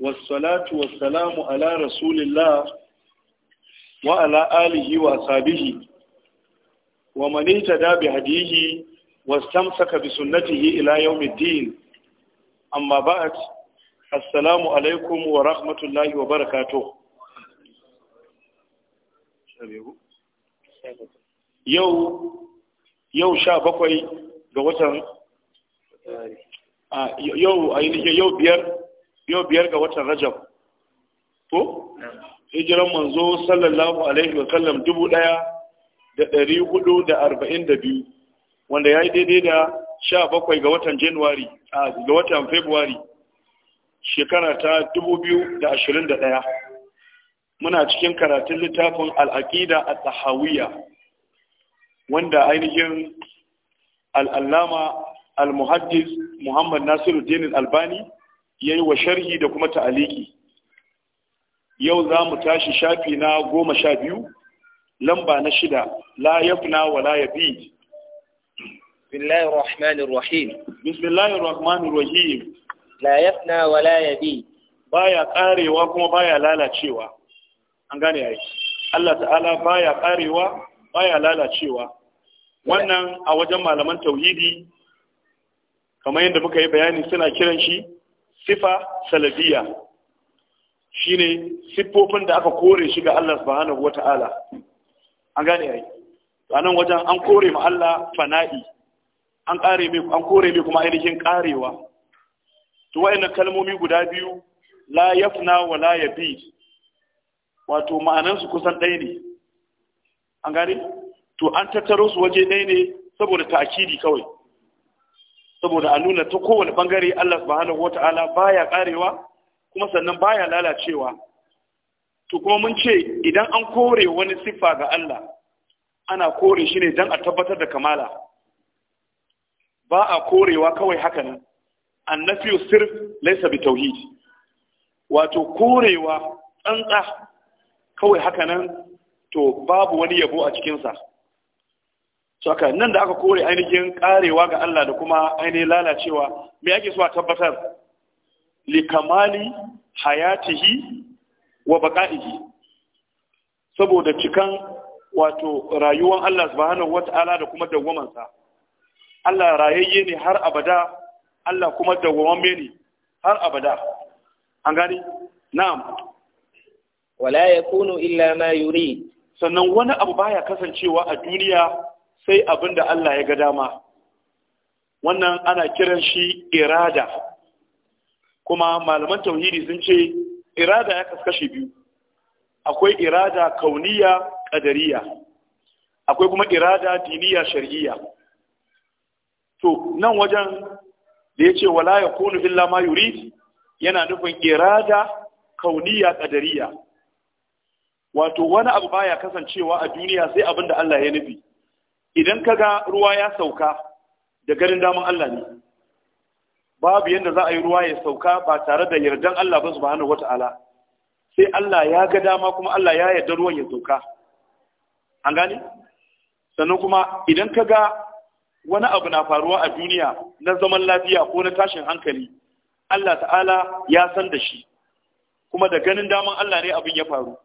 wasalatu wasalamu ala rasulillah wa ala alihi wa sahbihi wa man ittada bi hadihi wastamsaka bi sunnatihi ila yawmiddin amma ba'd assalamu alaykum wa rahmatullahi wa barakatuh yau biyar yau biyar ga watan rajab ko hijiran manzo sallallahu alaihi wa sallam dubu ɗaya da ɗari hudu da arba'in da biyu wanda ya yi daidai da sha bakwai ga watan januwari a ga watan februari shekara ta dubu biyu da ashirin da ɗaya muna cikin karatun littafin al'aƙida a tsahawiyya wanda ainihin al'allama al-muhaddis muhammad nasiru dinin albani yayi wa sharhi da kuma ta'aliki yau za mu tashi shafi na goma sha biyu lamba na shida la wa la yabi bismillahir rahmanir rahim bismillahir rahmanir rahim la wa la yabi baya karewa kuma baya lalacewa an gane yayi Allah ta'ala baya karewa baya lalacewa wannan a wajen malaman tauhidi kamar yadda muka yi bayani suna kiran shi sifa salafiya shine siffofin da aka kore shi ga Allah subhanahu wata'ala an gane ai anan wajen an kore ma Allah fana'i an kare mai an kore mai kuma ainihin karewa to wayannan kalmomi guda biyu la yafna wa la yabi wato ma'anan su kusan ɗaya ne an gane to an tattaro su waje ɗaya ne saboda ta'akidi kawai saboda a nuna ta kowane bangare Allah subhanahu wata'ala baya karewa kuma sannan baya lalacewa to kuma mun ce idan an kore wani siffa ga Allah ana kore shi ne don a tabbatar da kamala ba a korewa kawai haka nan annafiyu sirf laisa bi tauhid wato korewa tsantsa kawai haka nan to babu wani yabo a cikinsa saka nan da aka kore ainihin karewa ga Allah da kuma ainihin lalacewa me ake so a tabbatar li kamali hayatihi wa baqaihi saboda cikan wato rayuwar Allah subhanahu wata'ala da kuma dawwamansa Allah rayayye ne har abada Allah kuma dawwamamme ne har abada an gani na'am wala yakunu illa ma yuri sannan wani abu baya kasancewa a duniya sai abin da Allah ya ga dama wannan ana kiran shi irada kuma malaman tauhidi sun ce irada ya kaskashe biyu akwai irada kauniya kadariya akwai kuma irada diniya shari'iya. to nan wajen da ya ce wala ya kunu illa ma yuri yana nufin irada kauniya kadariya wato wani abu baya kasancewa a duniya sai abin da Allah ya nufi idan ka ga ruwa ya sauka da garin daman Allah ne babu yadda za a yi ruwa ya sauka ba tare da yardan Allah ba subhanahu wata'ala sai Allah ya ga dama kuma Allah ya yarda ruwan ya sauka an gani? sannan kuma idan ka ga wani abu na faruwa a duniya na zaman lafiya ko na tashin hankali Allah ta'ala ya san da shi kuma da ganin daman Allah ne abin ya faru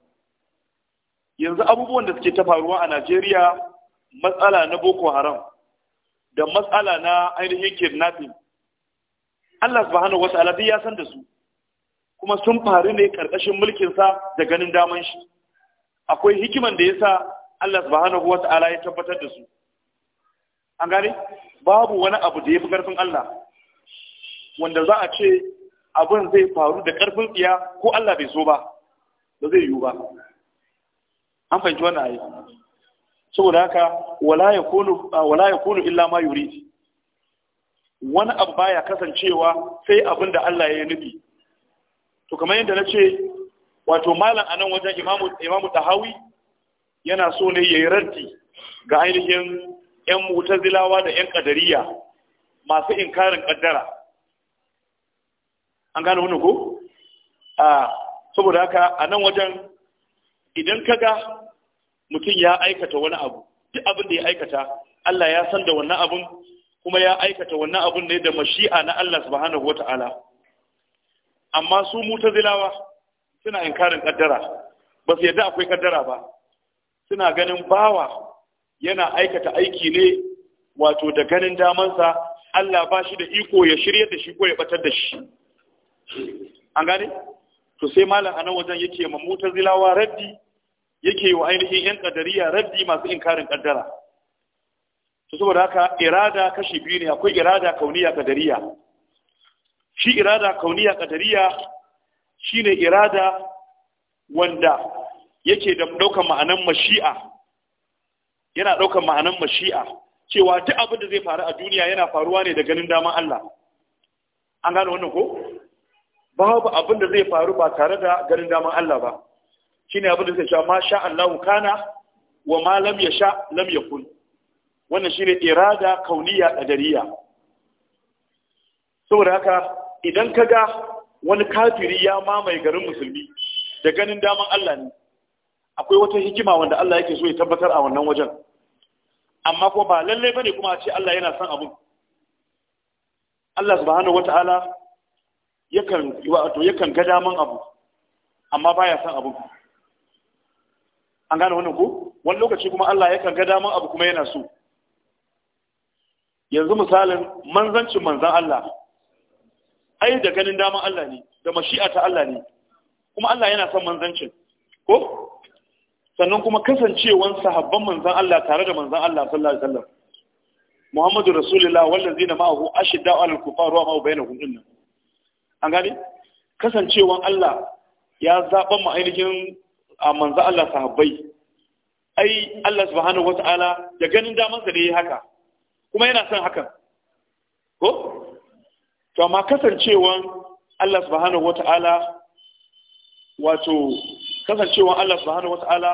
yanzu abubuwan da suke ta faruwa a Najeriya matsala na boko haram da matsala na ainihin kidnapping Allah subhanahu wa ta'ala ya san da su kuma sun faru ne karkashin mulkin sa da ganin daman shi akwai hikiman da yasa Allah subhanahu ta'ala ya tabbatar da su an gane babu wani abu da yafi karfin Allah wanda za a ce abin zai faru da karfin tsiya ko Allah bai so ba ba zai yiwu ba an fahimci wannan ayi saboda haka wala ya kunu ah, illa ma yuri wani abu baya kasancewa sai abin da Allah ya nufi to kamar yadda na ce wato malam anan wajen imamu ta hawi yana so ne yi ranti ga ainihin yan mutazilawa da yan kadariya masu inkarin kaddara an gane wani ko a ah, saboda haka anan wajen idan kaga mutum ya aikata wani abu duk abin da ya aikata Allah ya san da wannan abin kuma ya aikata wannan abun ne da mashi'a na Allah subhanahu wata'ala amma su zilawa, suna inkarin kaddara ba su yadda akwai kaddara ba suna ganin bawa yana aikata aiki ne wato da ganin damansa Allah ba shi da iko ya shirya da shi ko ya batar da shi an gane to sai malam anan wajen yake ma zilawa raddi yake wa ainihin yan kadariya raddi masu inkarin kaddara to saboda haka irada kashi biyu ne akwai irada kauniya kadariya shi irada kauniya kadariya shine irada wanda yake da daukan ma'anan mashi'a yana daukan ma'anan mashi'a cewa duk abin da zai faru a duniya yana faruwa ne da ganin daman Allah an gane wannan ko babu abin da zai faru ba tare da ganin daman Allah ba shine abin da suka sha ma sha Allah kana wa ma lam sha, lam ya kun wannan shine irada kauniya qadariya saboda haka idan ka ga wani kafiri ya mamaye garin musulmi da ganin daman Allah ne akwai wata hikima wanda Allah yake so ya tabbatar a wannan wajen amma ko ba lalle bane kuma a ce Allah yana son abu. Allah subhanahu wataala yakan wato yakan ga daman abu amma baya son abu an gane wannan ko wani lokaci kuma Allah ya ga daman abu kuma yana so yanzu misalin manzancin manzan Allah ai da ganin daman Allah ne da mashi'a ta Allah ne kuma Allah yana son manzancin ko sannan kuma kasancewan sahabban manzan Allah tare da manzan Allah sallallahu alaihi wasallam Muhammadu Rasulullah na ma'ahu ashidda'u 'alal kufar wa ma'u bainahum dinnan an gane kasancewan Allah ya zaɓa mu ainihin a manzo Allah sahabbai ai Allah subhanahu wata'ala da ganin damansa ne haka kuma yana son hakan ko to amma kasancewan Allah subhanahu wata'ala wato kasancewan Allah subhanahu wata'ala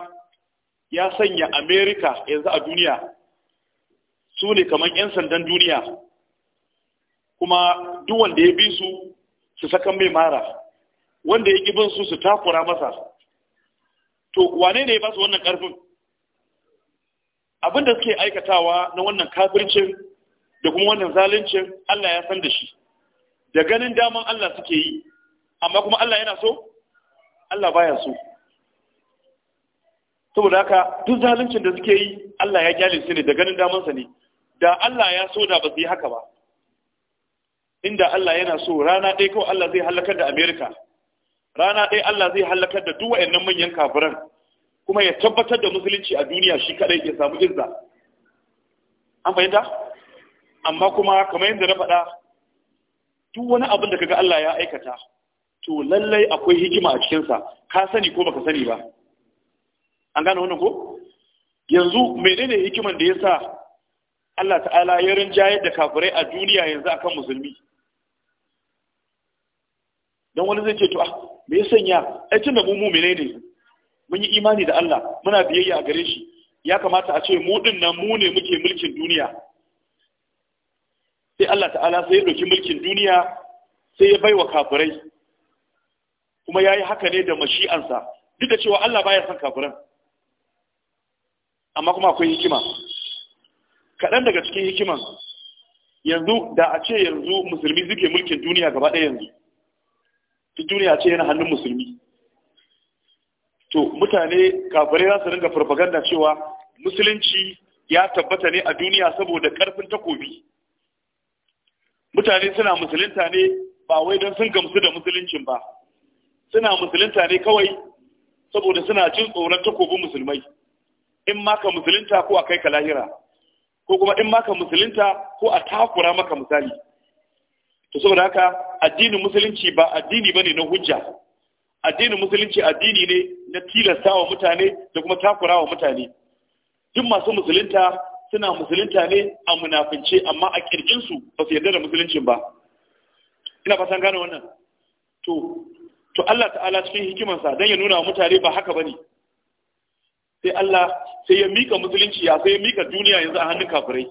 ya sanya America yanzu a duniya su ne kamar 'yan sandan duniya kuma duk wanda ya bi su su saka mai mara wanda ya ƙi bin su su takura masa to wane ne ya ba su wannan karfin abinda da suke aikatawa na wannan kafircin da kuma wannan zaluncin Allah ya san da shi da ganin daman Allah suke yi amma kuma Allah yana so Allah baya so saboda haka duk zaluncin da suke yi Allah ya kyale su ne da ganin sa ne da Allah ya so da ba su yi haka ba inda Allah yana so rana ɗaya kawai Allah zai halakar da America rana ɗaya Allah zai halakar da duk wayannan manyan kafiran kuma ya tabbatar da musulunci a duniya shi kaɗai ya samu izza an fahimta amma kuma kamar yadda na faɗa duk wani abin da kaga Allah ya aikata to lallai akwai hikima a cikinsa ka sani ko baka sani ba an gane wannan ko yanzu menene hikiman da ya sa Allah ta'ala ya rinjayar da kafirai a duniya yanzu akan musulmi don wani zai ce to ah, me ya sanya ai da mu mu'mine ne mun yi imani da Allah muna biyayya a gare shi ya kamata a ce mu din nan mu ne muke mulkin duniya sai Allah ta'ala sai ya ɗauki mulkin duniya sai ya baiwa kafirai kuma ya yi haka ne da mashi'ansa duk da cewa Allah baya son kafiran amma kuma akwai hikima kaɗan daga cikin hikiman yanzu da a ce yanzu musulmi suke mulkin duniya gaba ɗaya yanzu duk duniya ce yana hannun musulmi to mutane kafirai za su ringa farfaganda cewa musulunci ya tabbata ne a duniya saboda karfin takobi mutane suna musulunta ne ba wai don sun gamsu da musuluncin ba suna musulunta ne kawai saboda suna jin tsoron takobin musulmai in ma musulunta ko a kai ka lahira ko kuma in ma musulunta ko a takura maka misali to saboda haka addinin musulunci ba addini bane na hujja addinin musulunci addini ne na tilasta wa mutane da kuma takura wa mutane duk masu musulunta suna musulunta ne a munafince amma a kirkinsu ba su yarda da musuluncin ba ina fatan gane wannan to to Allah ta'ala cikin hikimansa dan ya nuna wa mutane ba haka bane sai Allah sai ya mika musulunci ya sai ya mika duniya yanzu a hannun kafirai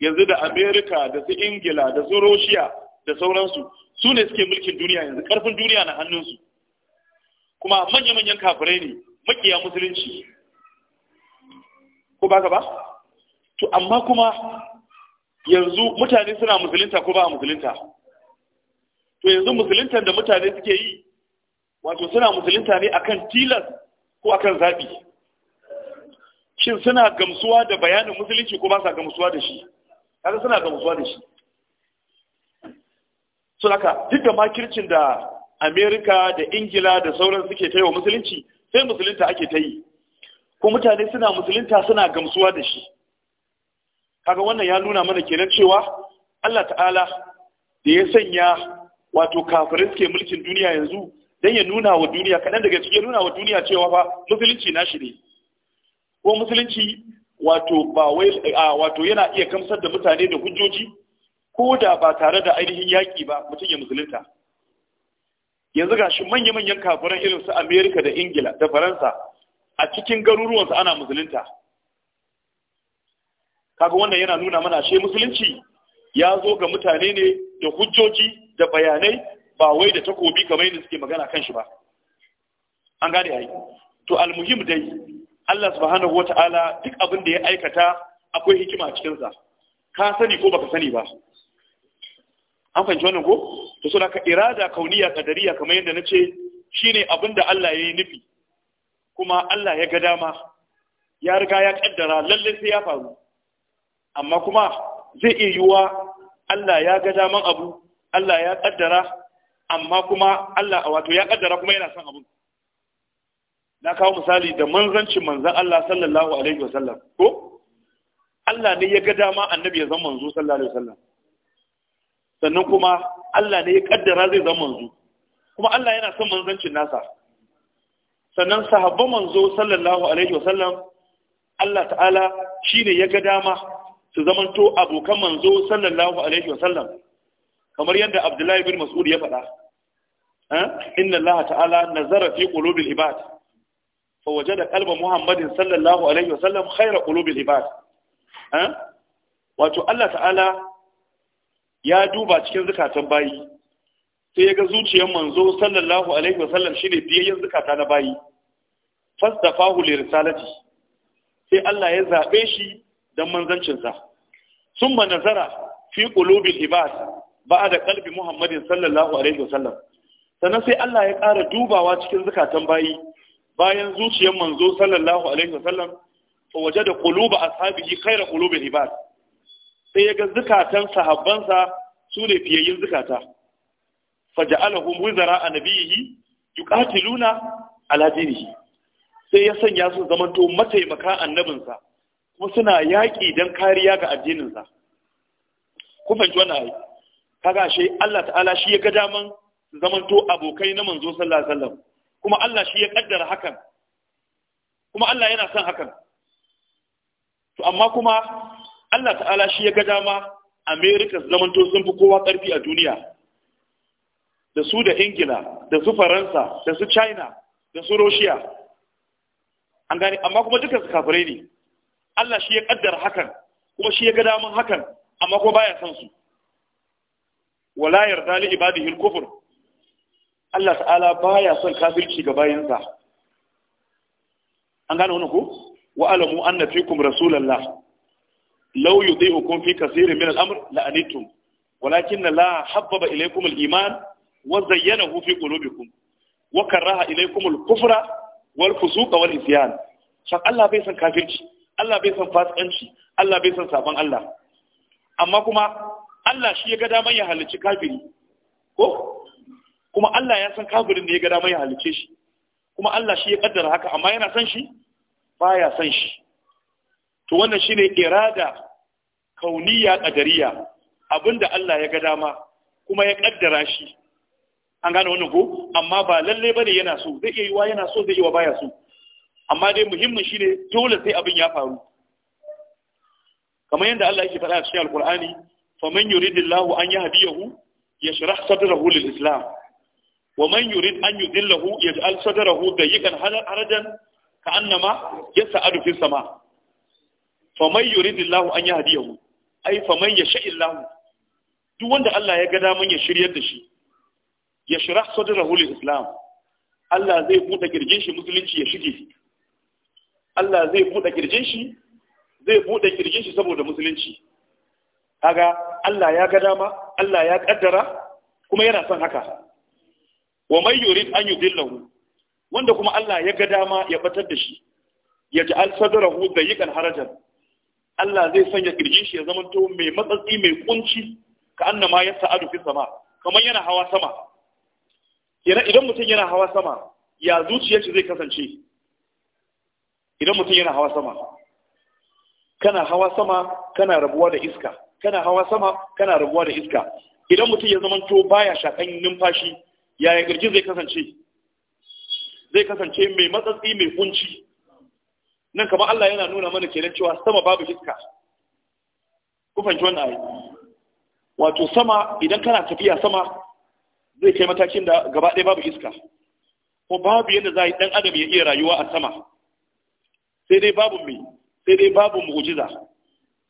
yanzu da Amerika da su Ingila da su Russia da sauransu su ne suke mulkin duniya yanzu karfin duniya na hannunsu kuma manya-manyan kafirai ne makiya musulunci ko ba ba to amma kuma yanzu mutane suna musulunta ko ba musulunta to yanzu musuluntar da mutane suke yi wato suna musulunta ne akan tilas ko akan zaɓi shin suna gamsuwa da bayanin musulunci ko ba sa gamsuwa da shi kaga suna gamsuwa da shi so haka duk da makircin da amerika da ingila da sauran suke ta yi wa musulunci sai musulunta ake ta yi ko mutane suna musulunta suna gamsuwa da shi kaga wannan ya nuna mana kenan cewa allah ta'ala da ya sanya wato kafirin suke mulkin duniya yanzu don ya nuna wa duniya kaɗan daga cikin nuna wa duniya cewa fa musulunci na shi ne ko musulunci wato yana iya kamsar da mutane da hujjoji ko da ba tare da ainihin yaƙi ba mutum ya musulunta yanzu ga shi manya-manyan kafiran irin su amerika da ingila da faransa a cikin garuruwansu ana musulunta kaga wannan yana nuna mana shi musulunci ya zo ga mutane ne da hujjoji da bayanai ba wai da takobi kamar yadda suke magana kan shi ba an gane yi. to almuhim dai Allah subhanahu wata'ala duk abin da ya aikata akwai hikima a cikinsa, ka sani ko baka sani ba an fahimci wannan ko to so ka irada kauniya kadariya kamar yadda na ce shine abin da Allah ya yi nufi kuma Allah ya ga dama ya riga ya kaddara lalle sai ya faru amma kuma zai iya yiwuwa Allah ya ga daman abu Allah ya kaddara amma kuma Allah wato ya kaddara kuma yana son abun na kawo misali da manzancin manzan Allah sallallahu alaihi wasallam ko Allah ne ya ga dama annabi ya zama manzo sallallahu alaihi wasallam sannan kuma Allah ne ya kaddara zai zama manzo kuma Allah yana son manzancin nasa sannan sahabban manzo sallallahu alaihi wa sallam, Allah ta'ala shine ya ga dama su zamanto abokan manzo sallallahu alaihi wa sallam, kamar yadda Abdullahi bin Mas'ud ya faɗa eh, inna Allah ta'ala nazara fi qulubil ibad fa wajada qalba Muhammadin sallallahu alaihi wa sallam, khayra qulubil ibad eh, wato Allah ta'ala ya duba cikin zukatan bayi sai ya ga zuciyar manzo sallallahu alaihi wasallam shine biyayyen zukata na bayi fasdafahu li risalati sai Allah ya zabe shi dan manzancin sa summa nazara fi al ibad ba'da qalbi muhammadin sallallahu alaihi wasallam sannan sai Allah ya ƙara dubawa cikin zukatan bayi bayan zuciyar manzo sallallahu alaihi wasallam fa wajada quluba ashabihi khayra al ibad sai ya ga zukatan sahabbansa su ne fiyayyin zukata faja'alahum wizara a nabiyihi yuqatiluna ala dinihi sai ya sanya su zamanto mataimaka annabinsa kuma suna yaƙi don kariya ga addininsa ku fahimci wannan ayi kaga ashe Allah ta'ala shi ya ga daman to abokai na manzo sallallahu alaihi wasallam kuma Allah shi ya kaddara hakan kuma Allah yana son hakan to amma kuma Allah ta'ala shi ya ga dama America su zamanto sun fi kowa ƙarfi a duniya da su da Ingila da su Faransa da su China da su Russia an gane amma kuma dukkan su kafirai ne Allah shi ya kaddara hakan kuma shi ya ga daman hakan amma kuma baya son su wala yarda li ibadihi al-kufr Allah ta'ala baya son kafirci ga bayinsa an gane wannan ko wa alamu anna fikum rasulullah law yudhi'ukum fi kaseerin min al-amr la'anitum walakinna la habbaba ilaykum al-iman wa zayyanahu fi qulubikum wa karaha ilaykum al-kufra wal fusuqa wal isyan san Allah bai san kafirci Allah bai san fasikanci Allah bai san sabon Allah amma kuma Allah shi ya ga daman ya halicci kafiri ko kuma Allah ya san kafirin da ya ga daman ya halicce shi kuma Allah shi ya kaddara haka amma yana san shi baya san shi to wannan shine irada kauniya qadariya abinda Allah ya ga dama kuma ya kaddara shi an gane wani ko amma ba lalle bane yana so zai iya yiwa yana so zai wa baya so amma dai muhimmin shine dole sai abin ya faru kamar yadda Allah yake faɗa a cikin Al-Qur'ani faman yuridillahu an yahdiyahu yashrah sadrahu lil-islam ومن يريد أن يذله يجعل صدره ضيقا حرجا كأنما يسعد في السماء فمن يريد الله أن يهديه ai faman yasha illahu duk wanda Allah ya ga daman ya shiryar da shi ya shirah sadrahu lil islam Allah zai buɗe kirjin shi musulunci ya shige Allah zai buɗe kirjin shi zai buɗe kirjin shi saboda musulunci kaga Allah ya ga dama Allah ya kaddara kuma yana son haka wa may yurid an yudillahu wanda kuma Allah ya ga dama ya batar da shi ya ja'al sadrahu dayyqan harajan Allah zai sanya kirjin shi ya to mai matsatsi mai kunci ka annama ya sa'adu fi sama kamar yana hawa sama idan mutum yana hawa sama ya zuciyar shi zai kasance idan mutum yana hawa sama kana hawa sama kana rabuwa da iska kana hawa sama kana rabuwa da iska idan mutum ya to baya shakan numfashi yaya kirjin zai kasance zai kasance mai matsatsi mai kunci nan kamar Allah yana nuna mana kenan cewa sama babu iska ku fahimci wannan ayi wato sama idan kana tafiya sama zai kai matakin da gaba ɗaya babu iska ko babu yadda za dan yi ɗan adam ya iya rayuwa a sama sai dai babu mai sai dai babu mu'jiza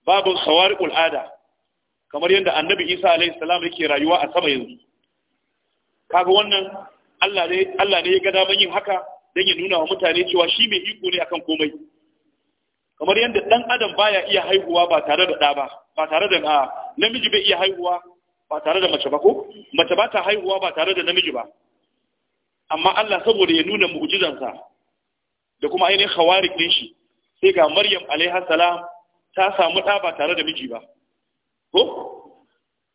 babu sawari ada kamar yadda annabi Isa alaihi salam yake rayuwa a sama yanzu kaga wannan Allah ne Allah ne ya ga daman yin haka dan ya nuna wa mutane cewa shi mai iko ne akan komai kamar yadda ɗan adam baya iya haihuwa ba tare da ɗa ba ba tare da namiji bai iya haihuwa ba tare da mace ba ko mace ba ta haihuwa ba tare da namiji ba amma Allah saboda ya nuna mu'jizansa da kuma ainihin khawarik din shi sai ga Maryam alaiha salam ta samu ɗa ba tare da miji ba ko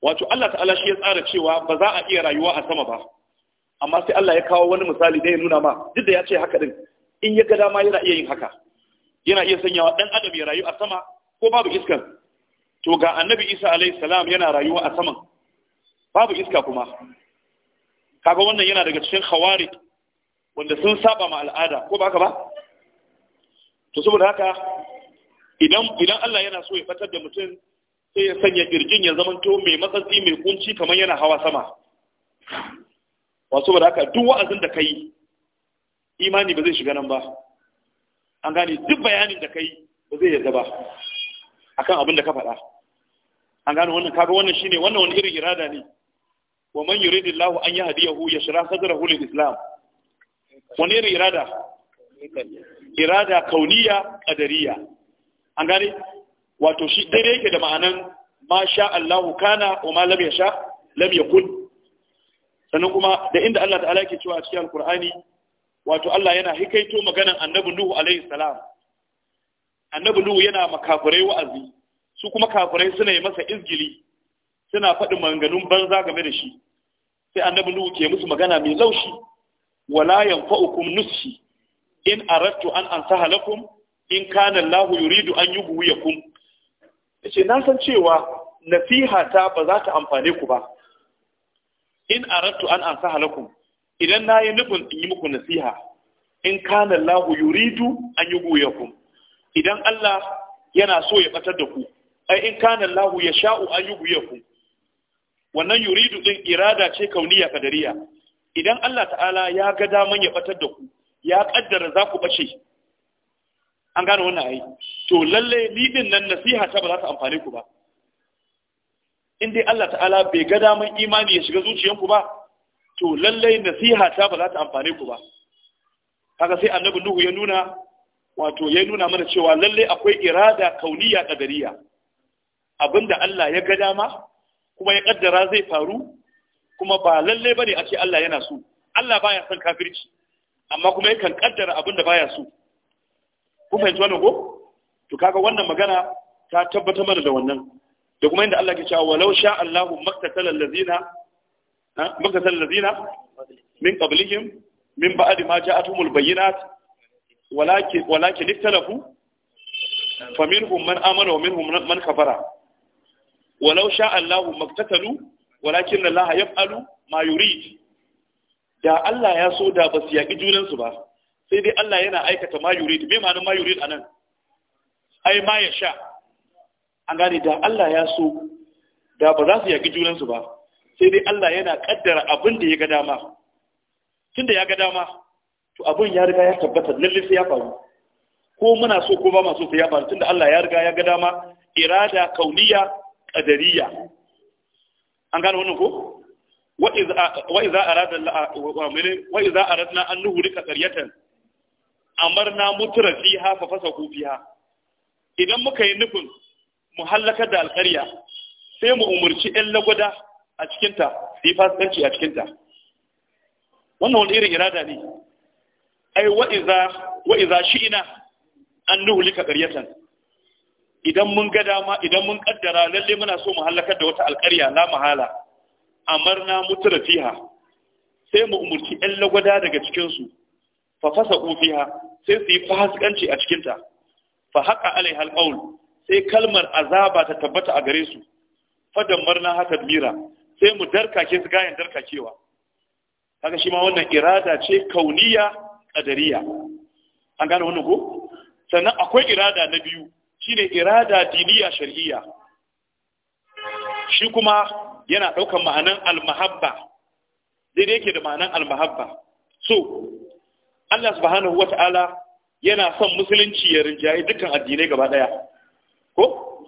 wato Allah ta'ala shi ya tsara cewa ba za a iya rayuwa a sama ba amma sai Allah ya kawo wani misali da ya nuna ma duk da ya ce haka din in ya ga dama yana iya yin haka yana iya sanyawa ɗan adam ya rayu a sama ko babu iskar to ga annabi isa alaihi salam yana rayuwa a saman babu iska kuma kaga wannan yana daga cikin hawari wanda sun saba ma al'ada ko ba haka ba to saboda haka idan Allah yana so ya fatar da mutum sai ya sanya kirjin ya zama to mai matsatsi mai kunci kamar yana hawa sama wasu saboda haka duk wa'azin da kai imani ba zai shiga nan ba an gane duk bayanin da kai ba zai yarda ba akan abin da ka faɗa an gane wannan kaga wannan shine wannan wani irin irada ne wa man yuridillahu an yahdiyahu yashrah sadrahu lil islam wani irin irada irada kauniya qadariya an gane wato shi dai yake da ma'anan ma sha Allahu kana wa ma lam yasha lam yakun sannan kuma da inda Allah ta'ala yake cewa a cikin alqur'ani wato Allah yana hikaito maganan annabi Nuhu alaihi salam annabi Nuhu yana makafirai wa'azi su kuma kafurai suna yi masa izgili suna faɗi manganun banza game da shi sai annabi Nuhu ke musu magana mai laushi wala yanfa'ukum nushi in aradtu an ansaha lakum in kana Allah yuridu an yughwiyakum yace na san cewa nasiha ta ba za ta amfane ku ba in aradtu an ansaha lakum idan na yi nufin in yi muku nasiha in kana lahu yuridu an yi ku idan Allah yana so ya batar da ku ai in kana lahu ya sha'u an yi ku wannan yuridu din irada ce kauniya kadariya idan Allah ta'ala ya ga daman ya batar da ku ya kaddara za ku bace an gane wannan ai to lalle ni din nan nasiha ta ba za ta amfane ku ba in dai Allah ta'ala bai ga daman imani ya shiga zuciyanku ba to lallai nasiha ta ba za ta amfane ku ba kaga sai annabi nuhu ya nuna wato ya nuna mana cewa lallai akwai irada kauniya kadariya abinda Allah ya ga dama kuma ya kaddara zai faru kuma ba lallai bane a ce Allah yana so Allah baya son kafirci amma kuma ya kan kaddara abinda baya so ku fahimci wannan ko to kaga wannan magana ta tabbatar mana da wannan da kuma inda Allah ke cewa walau sha Allahu maktatala allazina maka sallazina min qablihim min ba'di ma ja'atuhumul bayyinat walakin walakin iktalafu faminhum man amana wa minhum man kafara walau sha Allahu maktatalu walakin Allah yaf'alu ma yurid da Allah ya so da basu yaki junan su ba sai dai Allah yana aikata ma yurid me ma'anar ma yurid anan ai ma ya sha an gane da Allah ya so da ba za su yaki junan su ba sai dai Allah yana kaddara abin da ya ga dama tunda ya ga dama to abin ya riga ya tabbata lalle sai ya faru ko muna so ko ba ma so sai ya faru tunda Allah ya riga ya ga dama irada kauniya qadariya an gano wannan ko wa iza arada wa iza aradna an nuhlika qaryatan amarna mutura fiha fa fasaku fiha idan muka yi nufin mu hallaka da alƙarya sai mu umurci 'yan lagwada a cikinta su yi fasikanci a cikinta wannan wani irin irada ne ai wa'iza ina. an nuhulika ƙaryatan idan mun ga dama idan mun kaddara lalle muna so mu halakar da wata alƙarya la mahala amarna mutura fiha sai mu umurci 'yan lagwada daga cikinsu fa fasa fiha sai su yi fasikanci a cikinta fa haka alai halƙaul sai kalmar azaba ta tabbata a gare su Fa marna haka mira sai mu darkake su gayan darkakewa kaga shi ma wannan irada ce kauniya kadariya an gane wannan ko sannan akwai irada na biyu shine irada diniya shar'iyya shi kuma yana ɗaukar ma'anan almahabba daidai yake da ma'anan almahabba so Allah subhanahu wata'ala yana son musulunci ya rinjaye dukkan addinai gaba daya ko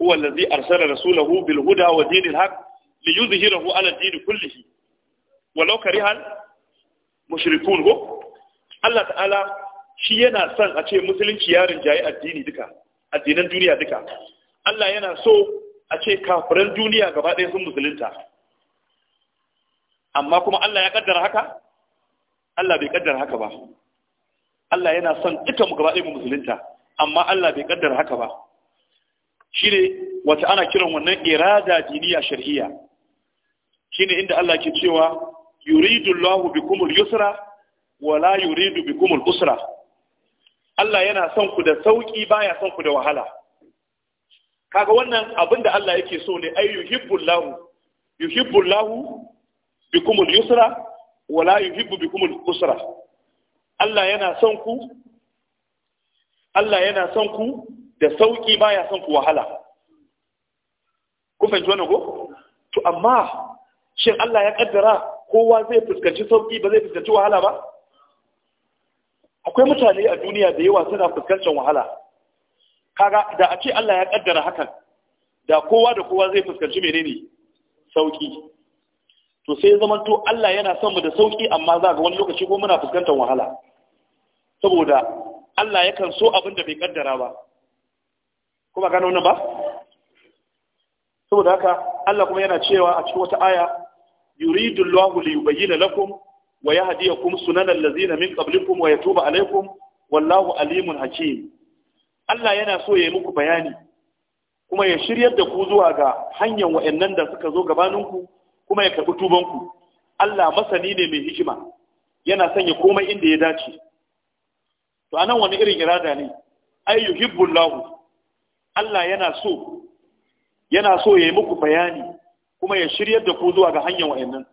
huwa allazi arsala rasulahu bil huda wa dinil haqq li yuzhirahu ala ad-din kullihi walau karihal mushrikun ko Allah ta'ala shi yana son a ce musulunci ya rinjaye addini duka addinan duniya duka Allah yana so a ce kafiran duniya gaba ɗaya sun musulunta amma kuma Allah ya kaddara haka Allah bai kaddara haka ba Allah yana son duka mu gaba ɗaya mu musulunta amma Allah bai kaddara haka ba Shi ne wata ana kiran wannan irada diniya shar'iyya shine inda Allah ke cewa yuridu Allahu bikumul yusra wala yuridu bikumul usra Allah yana son ku da sauki baya son ku da wahala kaga wannan abinda Allah yake so ne ay yuhibbullahu yuhibbullahu bikumul yusra wala yuhibbu bikumul usra Allah yana son ku Allah yana son ku da sauki baya son ku wahala ku fahimci wannan ko to amma shin Allah ya kaddara kowa zai fuskanci sauki ba zai fuskanci wahala ba akwai mutane a duniya da yawa suna fuskantar wahala kaga da a ce Allah ya kaddara hakan da kowa da kowa zai fuskanci menene sauki to sai zaman to Allah yana son mu da sauki amma za ga wani lokaci ko muna fuskantar wahala saboda Allah yakan so abin da bai kaddara ba kuma gano nan ba saboda haka Allah kuma yana cewa a cikin wata aya يريد الله ليبين لكم ويهديكم سنن الذين من قبلكم ويتوب عليكم والله عليم alaykum wallahu alimun hakim Allah yana so ya muku bayani kuma ya shiryar da ku zuwa ga hanyar wa'annan da suka zo ku kuma ya karɓi ku Allah masani ne mai hikima yana sanya komai inda ya dace to anan wani irin irada ne ay Allah yana so yana so ya yi muku bayani kuma ya shiryar da ku zuwa ga hanyar wa'annan.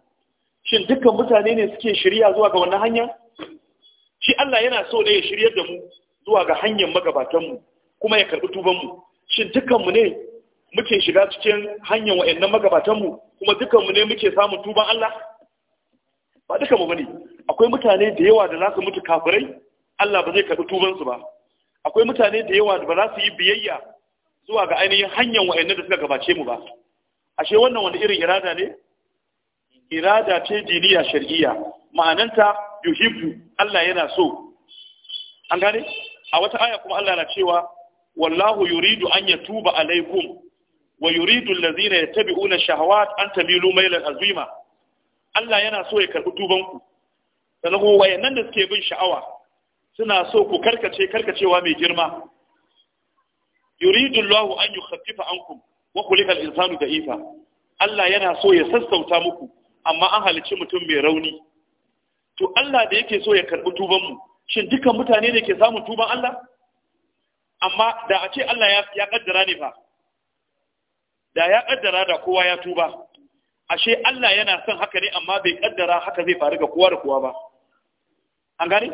shin dukkan mutane ne suke shirya zuwa ga wannan hanya shi Allah yana so ne ya shiryar da mu zuwa ga hanyar magabatanmu kuma ya karɓi tubanmu. shin dukkanmu ne muke shiga cikin hanyar wa'annan magabatanmu? kuma dukkanmu ne muke samun tuban Allah ba duka mu bane akwai mutane da yawa da za su mutu kafirai Allah ba zai karɓi tubansu ba akwai mutane da yawa da ba za su yi biyayya zuwa ga ainihin hanyar wa'annan da suka gabace mu ba ashe wannan wani irin irada ne irada ce diniya shar'iyya ma'ananta yuhibbu Allah yana so an gane a wata aya kuma Allah na cewa wallahu yuridu an yatuba alaikum wa yuridu allazina yattabi'una shahawat an tamilu mailan azima Allah yana so ya karbi tuban ku sannan kuma wayannan da suke bin sha'awa suna so ku karkace karkacewa mai girma yuridu Allahu an yukhaffifa ankum wa kulikal insanu da'ifa Allah yana so ya sassauta muku amma an halicci mutum mai rauni to Allah da yake so ya karbi tuban mu shin dukan mutane ne ke samun tuban Allah amma da a ce Allah ya ya kaddara ne fa da ya kaddara da kowa ya tuba ashe Allah yana son haka ne amma bai kaddara haka zai faru ga kowa da kowa ba an gane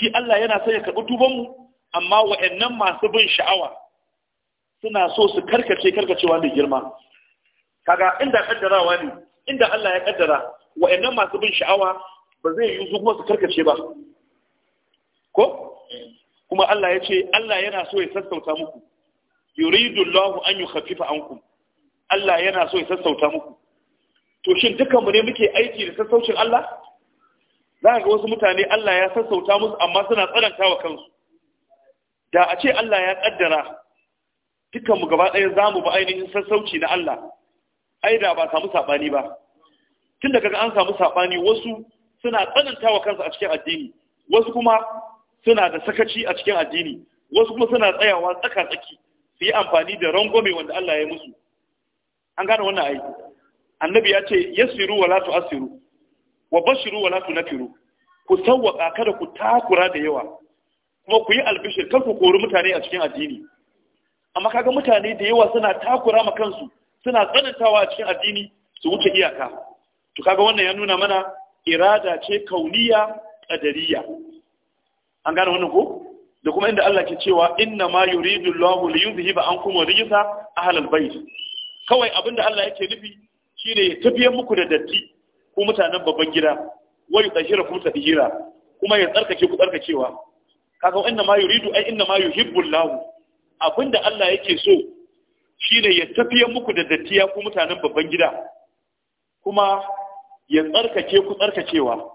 shi Allah yana so ya karbi tuban mu amma wa'annan masu bin sha'awa suna so su karkace karkacewa mai girma kaga inda kaddarawa ne inda Allah ya kaddara wa'annan masu bin sha'awa ba zai yi su kuma su karkace ba ko kuma Allah ya ce Allah yana so ya sassauta muku yuridu Allahu an yukhaffifa ankum Allah yana so ya sassauta muku to shin dukan mu ne muke aiki da sassaucin Allah za ga wasu mutane Allah ya sassauta musu amma suna tsananta wa kansu da a ce Allah ya kaddara dukkan mu gaba ɗaya zamu ba ainihin sassauci na Allah ai da ba samu sabani ba tun da kaga an samu sabani wasu suna tsananta kansu a cikin addini wasu kuma suna da sakaci a cikin addini wasu kuma suna tsayawa tsaka tsaki su yi amfani da rangwame wanda Allah ya musu an gane wannan ai annabi ya ce yasiru wala asiru, wa bashiru wala tunfiru ku sawwaka kada ku takura da yawa kuma ku yi albishir kar ku kori mutane a cikin addini amma kaga mutane da yawa suna takura ma kansu suna tsanantawa a cikin addini su wuce iyaka to kaga wannan ya nuna mana irada ce kauniya qadariya an gane wannan ko da kuma inda Allah ke cewa inna ma yuridu Allahu li yuzhiba ankum rijsa ahli albayt kawai abinda Allah yake nufi shine ya tafiye muku da datti ko mutanen babban gida wa yutahhira ku tadhira kuma ya tsarkake ku tsarkakewa kaga inna ma yuridu ai inna ma yuhibbu Allahu Abin da Allah yake so shi ne ya tafiyar muku da dattiya ku mutanen babban gida kuma ya tsarkake ku tsarkakewa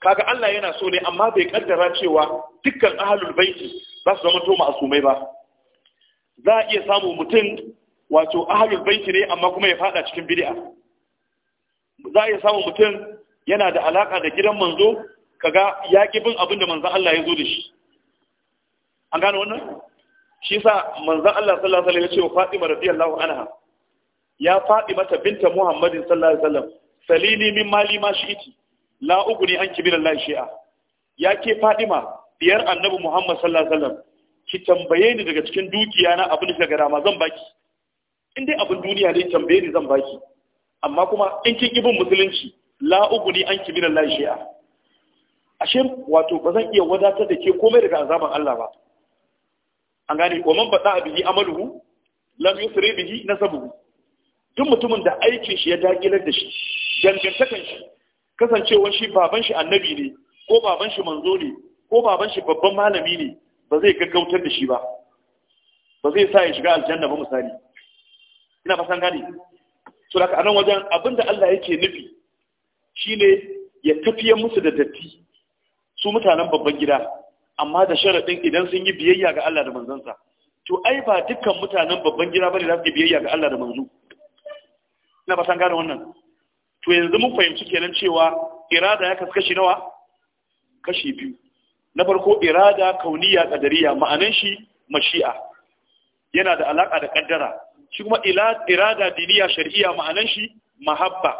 kaga Allah yana so ne amma bai kaddara cewa dukkan ahlul baiti za su zama to ma'asumai ba za a iya samu mutum wato ahlul baiti ne amma kuma ya fada cikin bid'a za a iya samu mutum yana da alaka da gidan manzo kaga ya ki bin abin da manzo Allah ya zo da shi an gane wannan shi sa manzon Allah sallallahu alaihi wasallam ya ce wa Fatima radiyallahu anha ya Fatima ta binta Muhammadin sallallahu alaihi wasallam salini min mali ma shi'iti la ugni anki min Allah shi'a ya ke Fatima biyar Annabi Muhammad sallallahu alaihi wasallam ki tambaye ni daga cikin dukiya na abin da ga rama zan baki in dai abin duniya ne tambaye ni zan baki amma kuma in kin ibin musulunci la uguni an ki min Allah shi'a ashe wato ba zan iya wadatar da ke komai daga azaban Allah ba an gane wa man bada bihi amaluhu lam yusri bihi nasabuhu duk mutumin da aikin shi ya dakilar da shi dangantakan shi kasancewar shi baban shi annabi ne ko baban shi manzo ne ko baban shi babban malami ne ba zai gaggautar da shi ba ba zai sa ya shiga aljanna ba misali ina fasan gane to daga anan wajen abinda Allah yake nufi shine ya tafiye musu da datti su mutanen babban gida amma da sharaɗin idan sun yi biyayya ga Allah da manzansa to ai ba dukkan mutanen babban gida bane za su yi biyayya ga Allah da manzo ina ba san gane wannan to yanzu mun fahimci kenan cewa irada ya kaskashi kashi nawa kashi biyu na farko irada kauniya kadariya ma'anan shi mashi'a yana da alaka da kaddara shi kuma irada diniya shar'iyya ma'anan shi mahabba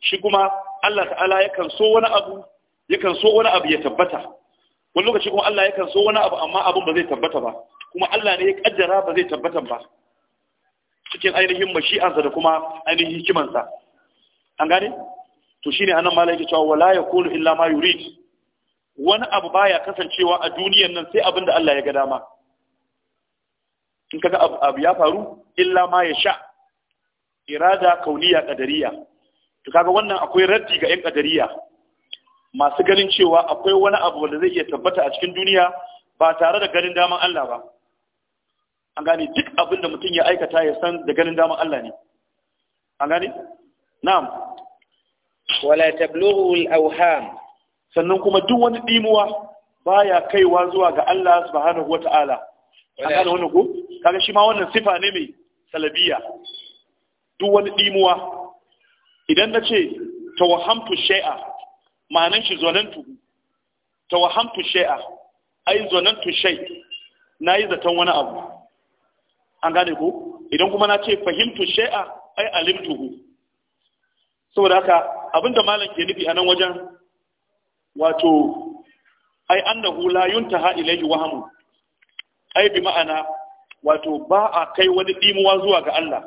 shi kuma Allah ta'ala yakan so wani abu yakan so wani abu ya tabbata wani lokaci kuma Allah yakan so wani abu amma abin ba zai tabbata ba kuma Allah ne ya kaddara ba zai tabbata ba cikin ainihin mashi'ansa da kuma ainihin hikimansa an gane to shine anan malai yake cewa wala yakunu illa ma yurid wani abu baya kasancewa a duniyan nan sai abin da Allah ya ga dama in kaga abu ya faru illa ma ya sha irada kauniya kadariya to kaga wannan akwai raddi ga yan kadariya masu ganin cewa akwai wani abu da zai iya tabbata a cikin duniya ba tare da ganin daman Allah ba an gane duk abin da mutum ya aikata ya san da ganin daman Allah ne an gane na'am wala tablughu al-awham sannan kuma duk wani dimuwa baya kaiwa zuwa ga Allah subhanahu ta'ala. an gane wannan ko kaga shi ma wannan sifa ne mai salabiya duk wani dimuwa idan na ta wahamtu, shay'a Ma'anin shi zonantu tawahamtu shay'a ai zonantu shay yi zaton wani abu an gane ko idan kuma na ce fahimtu shai'a, ai alimtuhu saboda haka abinda malam ke nufi a nan wajen wato ai annahu la yuntaha ilayhi wahamu ai bi ma'ana wato ba a kai wani ɗimuwa zuwa ga Allah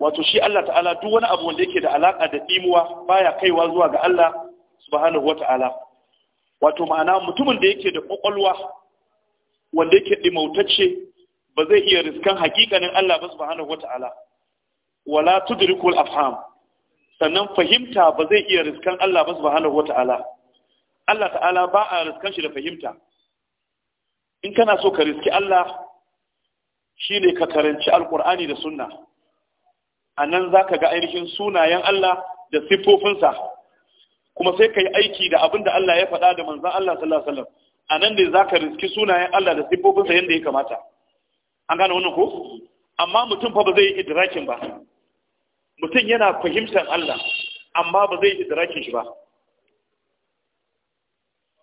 wato shi Allah ta'ala duk wani abu wanda yake da alaka da dimuwa baya kaiwa zuwa ga Allah subhanahu wato ma'ana mutumin da yake da kwakwalwa wanda yake dimautacce ba zai iya riskan hakikanin Allah ba subhanahu wata'ala wala tudrikul afham sannan fahimta ba zai iya riskan Allah ba subhanahu Allah ta'ala ba a riskan shi da fahimta in kana so ka riski Allah shine ka karanci alqur'ani da sunna a nan za ka ga ainihin sunayen Allah da siffofinsa kuma sai ka yi aiki da abin da Allah ya faɗa da manzan Allah sallallahu alaihi wasallam a nan ne za ka riski sunayen Allah da siffofinsa yadda ya kamata an gane wannan ko amma mutum fa ba zai yi idrakin ba mutum yana fahimtar Allah amma ba zai yi idrakin shi ba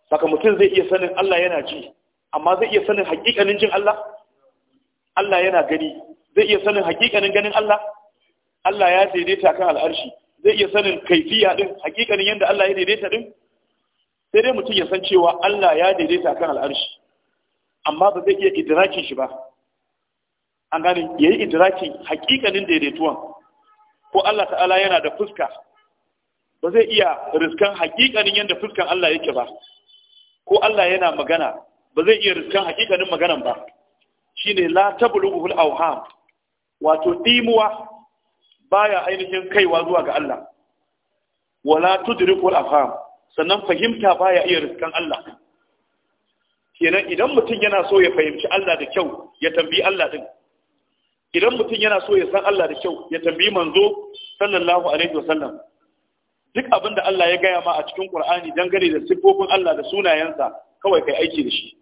saka mutum zai iya sanin Allah yana ji amma zai iya sanin hakikanin jin Allah Allah yana gani zai iya sanin hakikanin ganin Allah Allah ya daidaita kan al'arshi zai iya sanin kaifiya din hakikanin yadda Allah ya daidaita din sai dai mutum ya san cewa Allah ya daidaita kan al'arshi amma ba zai iya idrakin shi ba an gane ya yi idrakin hakikanin daidaituwan ko Allah ta'ala yana da fuska ba zai iya riskan hakikanin yadda fuskan Allah yake ba ko Allah yana magana ba zai iya riskan hakikanin maganan ba shine la tablughu awham wato dimuwa baya ainihin kaiwa zuwa ga Allah wala tudrikul afham sannan fahimta baya iya riskan Allah kenan idan mutum yana so ya fahimci Allah da kyau ya tambayi Allah din idan mutum yana so ya san Allah da kyau ya tambayi manzo sallallahu alaihi wasallam duk abin da Allah ya gaya ma a cikin Qur'ani dangane da sifofin Allah da sunayensa kawai kai aiki da shi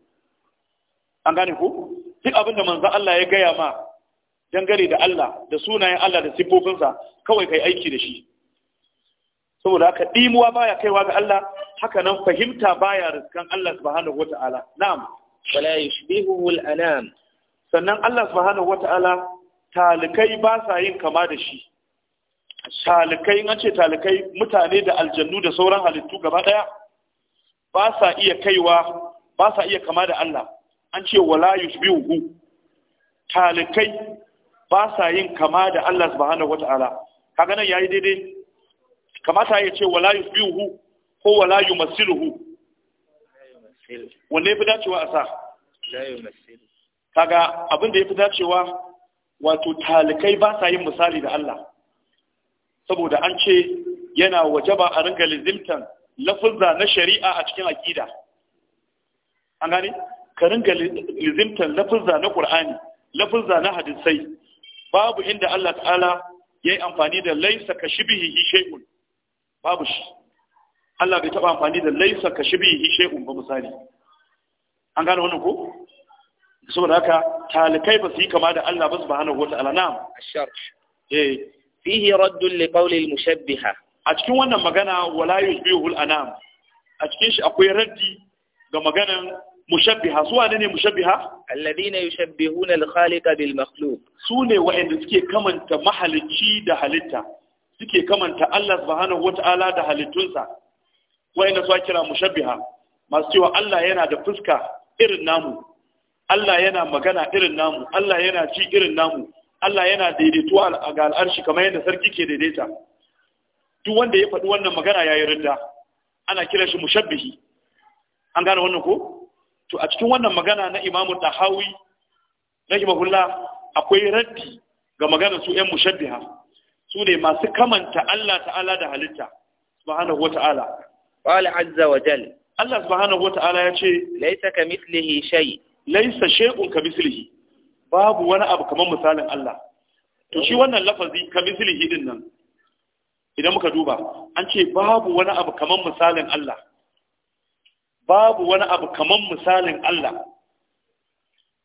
an gane ku duk abin da manzo Allah ya gaya ma dangane da Allah da sunayen Allah da siffofinsa kawai kai aiki da shi saboda haka dimuwa baya kaiwa ga Allah haka nan fahimta baya riskan Allah subhanahu wata'ala na'am wala yushbihu al-anam sannan Allah subhanahu wata'ala talikai ba sa yin kama da shi talikai an ce talikai mutane da aljannu da sauran halittu gaba daya ba sa iya kaiwa ba sa iya kama da Allah an ce wala yushbihu talikai ba sa yin kama da Allah subhanahu wata'ala kaga nan yayi daidai kamata ya ce wala yusbihu ko wala yumassiluhu wanne fi dacewa a sa kaga abin da ya fi dacewa wato talikai ba sa yin misali da Allah saboda an ce yana wajaba a ringa lizimtan lafuzza na shari'a a cikin aqida an gane ka ringa lizimtan lafuzza na ƙur'ani lafuzza na hadisai babu inda Allah ta'ala ya yi amfani da laisa ka bihi shay'un babu shi Allah bai taɓa amfani da laisa ka bihi shay'un ba misali an gane wannan ko saboda haka talikai ba su yi kama da Allah ba subhanahu wata'ala na'am asharh eh fihi radd li qawli al-mushabbiha a cikin wannan magana wala yushbihu al-anam a cikin shi akwai raddi ga maganan mushabbiha su wane ne mushabbiha alladhina yushabbihuna al-khaliqa bil makhluq sune wa'anda suke kamanta mahalicci da halitta suke kamanta Allah subhanahu wata'ala da halittunsa wa'anda su kira mushabbiha masu cewa Allah yana da fuska irin namu Allah yana magana irin namu Allah yana ci irin namu Allah yana daidaituwa ga al'arshi kamar yadda sarki ke daidaita duk wanda ya faɗi wannan magana yayi ridda ana kira shi mushabbihi an gane wannan ko to a cikin wannan magana na imamu na rahimahullah akwai raddi ga magana su yan mushabbiha su ne masu kamanta Allah ta'ala da halitta subhanahu ta'ala. qala azza wa jal Allah subhanahu ta'ala ya ce laysa kamithlihi shay laysa shay'un kamithlihi babu wani abu kamar misalin Allah to shi wannan lafazi kamithlihi din nan idan muka duba an ce babu wani abu kamar misalin Allah babu wani abu kaman misalin Allah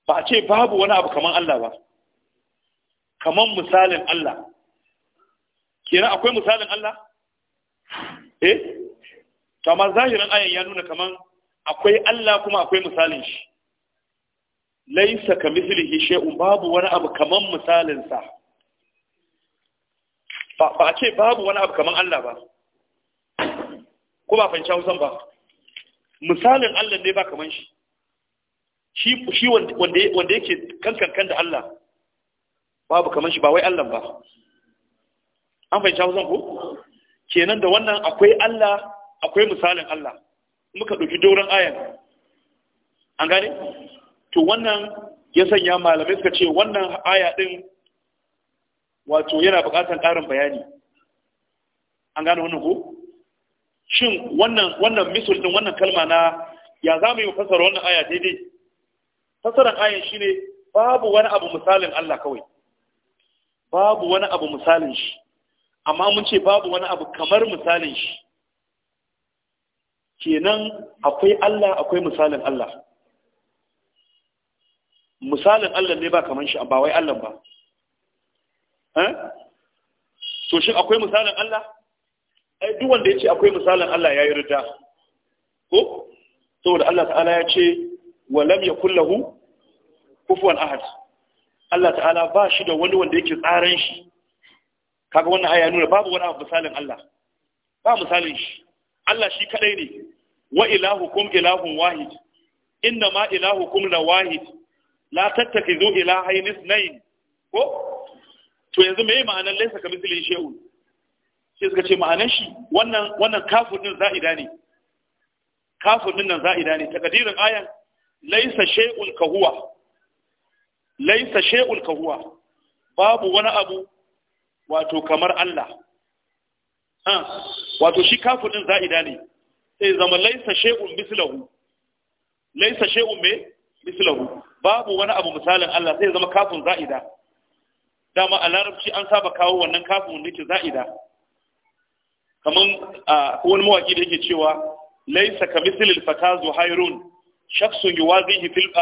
ba a ce babu wani abu kaman Allah ba kaman misalin Allah kira akwai misalin Allah eh to amma zahirin ayan ya nuna kaman akwai Allah kuma akwai misalin shi laisa ka shay'un babu wani abu kaman misalin sa ba a ce babu wani abu kaman Allah ba ko ba fahimci Hausan ba misalin Allah ne ba kaman shi shi shi wanda wanda yake kankan da Allah babu kaman shi ba wai Allah ba an fahimci hausan ko kenan da wannan akwai Allah akwai misalin Allah muka dauki doron ayan an gane to wannan ya sanya malamai suka ce wannan aya din, wato yana buƙatar ƙarin bayani an gane wannan ko shin wannan wannan misal din wannan kalma na ya za mu yi fasara wannan aya daidai fasaran ayan shine babu wani abu misalin Allah kawai babu wani abu misalin shi amma mun ce babu wani abu kamar misalin shi kenan akwai Allah akwai misalin Allah misalin Allah ne ba kamar shi ba wai Allah ba eh to shin akwai misalin Allah ai duk wanda ya ce akwai misalin Allah ya yi rida ko saboda Allah ta'ala ya ce wa lam yakul lahu kufuwan ahad Allah ta'ala ba shi da wani wanda yake tsaran shi kaga wannan aya nuna babu wani abu misalin Allah ba misalin shi Allah shi kadai ne wa ilahukum ilahun wahid inna ma ilahukum la wahid la tattakizu ilahayn ithnayn ko to yanzu me ma'anar laysa kamithlihi shay'un sai suka ce ma'anan shi wannan wannan nan za'ida ne Kafin nan za'ida ne takadirin ayan laisa shay'un kahuwa laisa shay'un kahuwa babu wani abu wato kamar Allah wato shi kafin nan za'ida ne sai zama laisa shay'un mislahu laisa shay'un me mislahu babu wani abu misalin Allah sai zama kafin za'ida dama a larabci an saba kawo wannan kafin wanda za'ida kaman wani mawaki da yake cewa laisa ka mislil fata zuhairun shakhsun yuwazihi fil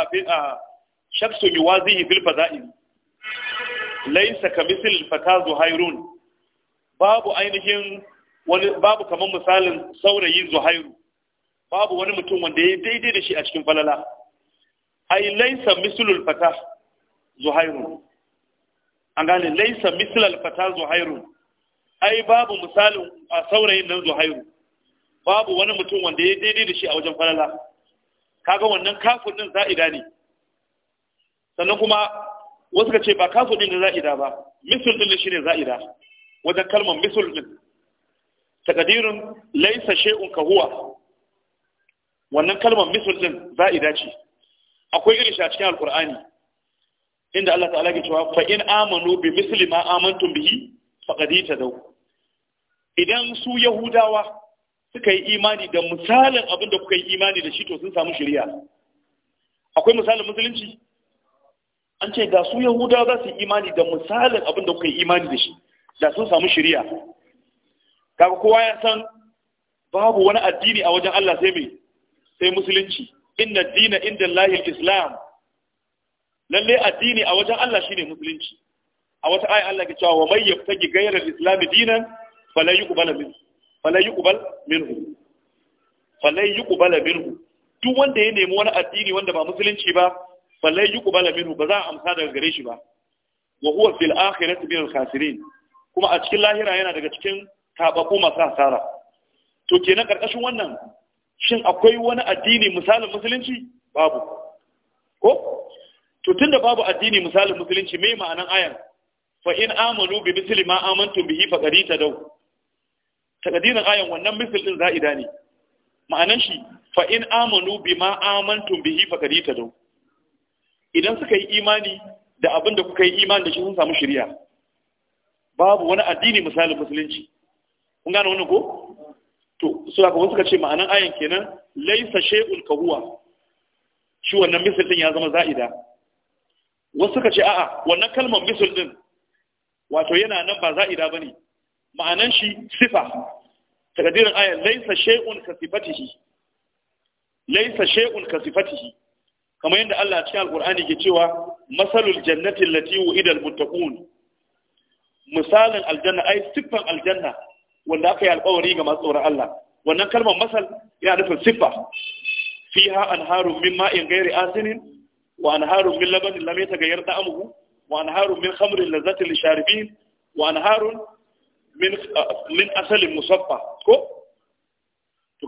shakhsun yuwazihi fil fada'il laisa ka mislil fata zuhairun babu ainihin wani babu kaman misalin saurayi zuhairu babu wani mutum wanda ya daidai da shi a cikin falala ai laisa mislul fata zuhairun an gane laisa mislul fata zuhairun ai babu misalin a saurayin nan zuhairu babu wani mutum wanda ya daidai da shi a wajen falala kaga wannan kafin din za'ida ne sannan kuma wasu ka ce ba kafin din za'ida ba misul din shi ne za'ida wajen kalmar misul din takadirin laisa shay'un ka huwa wannan kalmar misul din za'ida ce akwai irin shi a cikin alqur'ani inda Allah ta'ala ke cewa fa in amanu bi misli ma amantum bihi faƙadi ta dau idan su yahudawa suka yi imani da misalin abin da kuka yi imani da shi to sun samu shirya akwai misalin musulunci an ce ga su yahudawa za su yi imani da misalin abin da kuka yi imani da shi da sun samu shirya kaga kowa ya san babu wani addini a wajen Allah sai mai sai musulunci inna dina inda lahil islam lalle addini a wajen Allah shine musulunci a wata aya Allah ke cewa wa mai yabtaji ghayra al-islam dinan falan yuqbala minhu falan yuqbal minhu falan yuqbala minhu duk wanda ya nemi wani addini wanda ba musulunci ba falan yuqbala minhu ba za a amsa daga gare shi ba wa huwa fil akhirati min al-khasirin kuma a cikin lahira yana daga cikin tababbu masu hasara to kenan karkashin wannan shin akwai wani addini misalin musulunci babu ko to tunda babu addini misalin musulunci me ma'anan ayar fa in amanu bi misli ma amantum bihi fa qad tadaw takadirin ayan wannan misl din za'ida ne ma'anan shi fa in amanu bi ma amantum bihi fa ta dau. idan suka yi imani da abin da kuka yi imani da shi sun samu shari'a babu wani addini misalin musulunci kun gane wannan ko to su haka wasu suka ce ma'anan ayan kenan laisa shay'un kahuwa shi wannan misal din ya zama za'ida wasu suka ce a'a wannan kalmar misal din wato yana nan ba za'ida ne. ma'anan shi sifa takadirin aya laisa shay'un ka sifatihi laisa shay'un ka sifatihi kamar yadda Allah cikin alqur'ani ke cewa masalul jannati allati wu'ida almuttaqun misalin aljanna ai siffan aljanna wanda aka yi alƙawari ga masu tsoron Allah wannan kalmar masal yana nufin siffa fiha anharun min ma'in ghairi asinin wa anharun min labanin lam yataghayyar da'amuhu wa anharun min khamrin lazzatin lisharibin wa anharun min min asalin musaffa ko to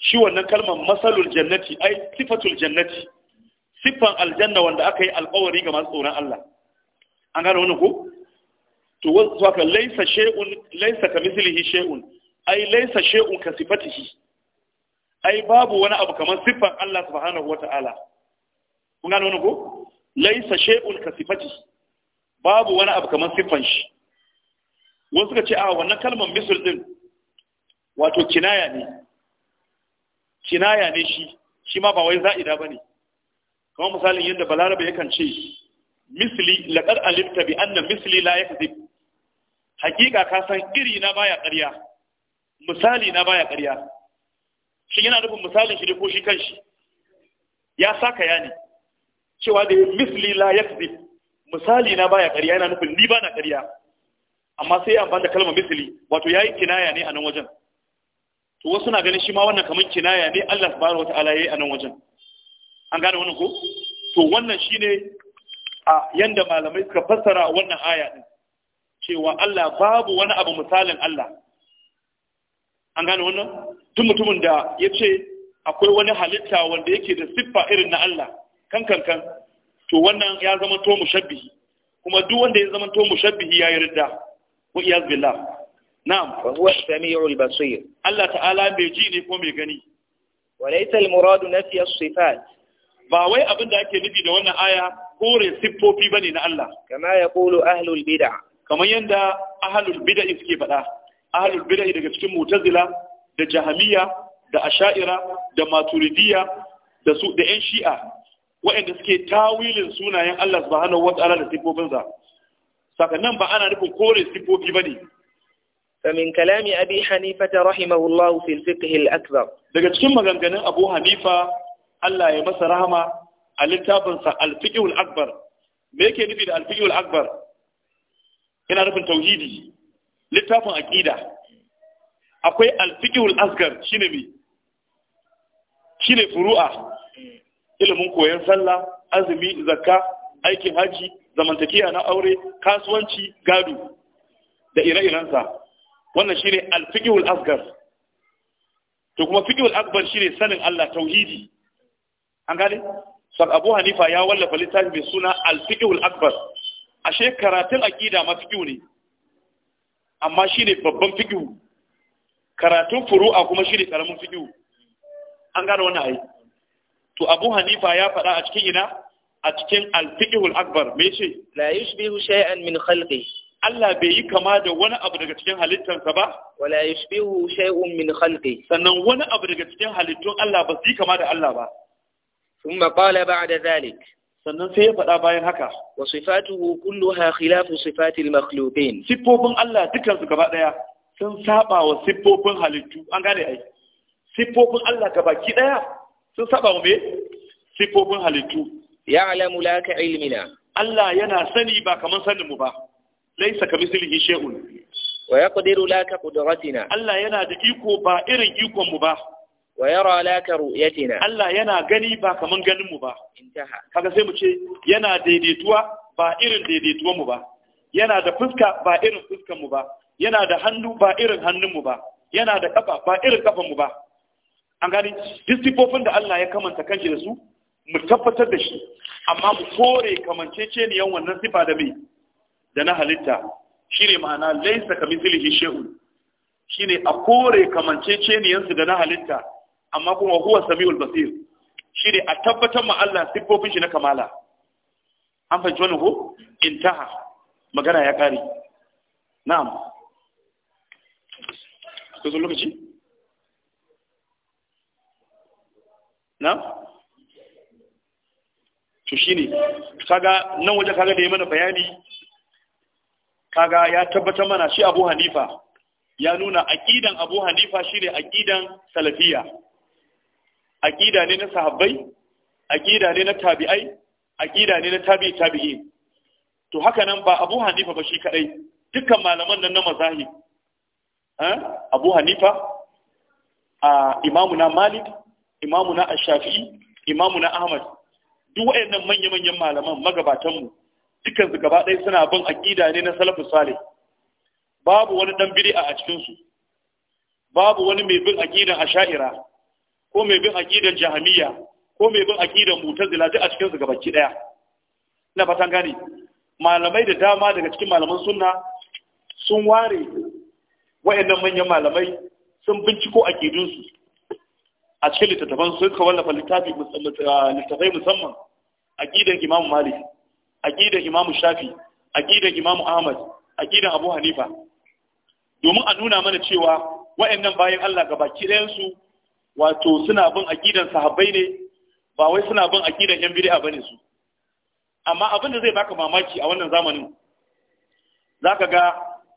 shi wannan kalmar masalul jannati ai sifatul jannati siffan aljanna wanda aka yi alƙawari ga masu tsoron Allah an gane wani ko to wasu haka laisa shay'un laisa kamithlihi shay'un ai laisa shay'un ka sifatihi ai babu wani abu kamar siffan Allah subhanahu wata'ala kun gane wani ko laisa She'un ka sifati babu wani abu kamar siffan shi wasu suka ce a ah, wannan kalmar misir din wato kinaya ne kinaya ne shi shi ma ba wai za'ida bane kamar misalin yadda balarabe yakan ce misli laqad alifta bi anna misli la hakika ka san iri na baya ƙarya misali na baya ƙarya shi yana nufin misalin shi ne ko shi kanshi ya saka ya ne cewa da misli la yakzib misali na baya ƙarya yana nufin ni ba na ƙarya amma sai ya amfani da kalmar misli wato ya yi kinaya ne a nan wajen to wasu na ganin shi ma wannan kamar kinaya ne Allah subhanahu wataala yayi a nan wajen an gane wannan ko to wannan shine a yanda malamai suka fassara wannan aya din cewa Allah babu wani abu misalin Allah an gane wannan tun mutumin da ya ce akwai wani halitta wanda yake da siffa irin na Allah kan kan kan to wannan ya zama to mushabbihi kuma duk wanda ya zama to mushabbihi ya yi ridda wa iyaz billah na'am wa huwa samiul basir Allah ta'ala mai ji ne ko mai gani wa laysa al muradu nafi as sifat ba wai abin da ake nufi da wannan aya kore siffofi bane na Allah kama yaqulu ahlul bid'ah kamar yanda ahlul bid'ah suke faɗa ahlul bid'ah daga cikin mu'tazila da jahamiya da asha'ira da maturidiyya da su da yan shi'a waɗanda suke tawilin sunayen Allah subhanahu wata'ala da sifofinsa sakannan ba ana nufin kore sifofi bane فمن كلام أبي حنيفة رحمه الله في الفقه الأكبر daga cikin maganganun Abu Hanifa Allah ya masa rahama a littafinsa Al-Fiqh al-Akbar me yake nufi da Al-Fiqh ina nufin tauhidi littafin aqida akwai Al-Fiqh al-Asghar furu'a ilimin koyon sallah azumi zakka aikin haji zamantakiya na aure kasuwanci gado da ire-irensa wannan shine alfiqhul asghar to kuma fiqhul akbar shine sanin Allah tauhidi an gane sar Abu Hanifa ya wallafa littafi mai suna alfiqhul akbar ashe karatun aqida ma fiqhu ne amma shine babban fiqhu karatun furu'a kuma shine karamin fiqhu an gane wannan ai to abu hanifa ya faɗa a cikin ina a cikin alfiqhul akbar me ce la yushbihu shay'an min khalqi Allah bai yi kama da wani abu daga cikin halittarsa ba wala yushbihu shay'un min khalqi sannan wani abu daga cikin halittun Allah ba su yi kama da Allah ba thumma qala ba'da dhalik sannan sai ya faɗa bayan haka wa sifatuhu kulluha khilafu sifatil makhluqin Sifofin Allah dukkan su gaba daya sun saba wa sifofin halittu an gane ai siffofin Allah ki daya sun saba mu me sifofin halittu ya alamu la ka ilmina Allah yana sani ba kamar sanin mu ba laysa ka mislihi shay'un wa yaqdiru la ka qudratina Allah yana da iko ba irin ikon mu ba wa yara la ka ru'yatina Allah yana gani ba kamar ganin mu ba intaha kaga sai mu ce yana daidaituwa ba irin daidaituwar mu ba yana da fuska ba irin fuskar mu ba yana da hannu ba irin hannun mu ba yana da kafa ba irin kafan mu ba an gani duk sifofin da Allah ya kamanta kanshi da su mu tabbatar da shi amma mu kore yan wannan sifa da mai da na halitta shine ma'ana laisa kamithlihi shay'un shine a kore kamanceceniyan su da na halitta amma kuma huwa samiul basir shine a tabbatar ma Allah sifofin shi na kamala an fahimci wannan ko intaha magana ya kare na'am kuzo lokaci na to shine kaga nan waje kaga da ya mana bayani kaga ya tabbatar mana shi Abu Hanifa ya nuna aqidan Abu Hanifa shine aqidan salafiya, aqida ne na sahabbai aqida ne na tabi'ai aqida ne na tabi'i tabi'i to haka nan ba Abu Hanifa ba shi kadai dukkan malaman nan na mazahib eh? Abu Hanifa a Imamuna Malik imamu na ashafi imamu na ahmad duk wayannan manya-manyan malaman magabatanmu dukkan su gaba ɗaya suna bin aƙida ne na salafin Sale. babu wani dan bid'a a cikin su babu wani mai bin a asha'ira ko mai bin aƙidan jahamiyya ko mai bin aƙidan mu'tazila duk a cikin su gabaki ɗaya ina fatan gane malamai da dama daga cikin malaman sunna sun ware wayannan manyan malamai sun binciko a su a cikin littattafan sun ka wallafa littafi ah, littattafai musamman aqidan Imam Malik aqidan Imam Shafi aqidan Imam Ahmad aqidan Abu Hanifa domin a nuna mana cewa wayannan bayan Allah ga baki ɗayansu wato suna bin aqidan sahabbai ne ba wai suna bin aqidan yan bid'a bane su amma abin da zai baka mamaki a wannan zamanin zaka ga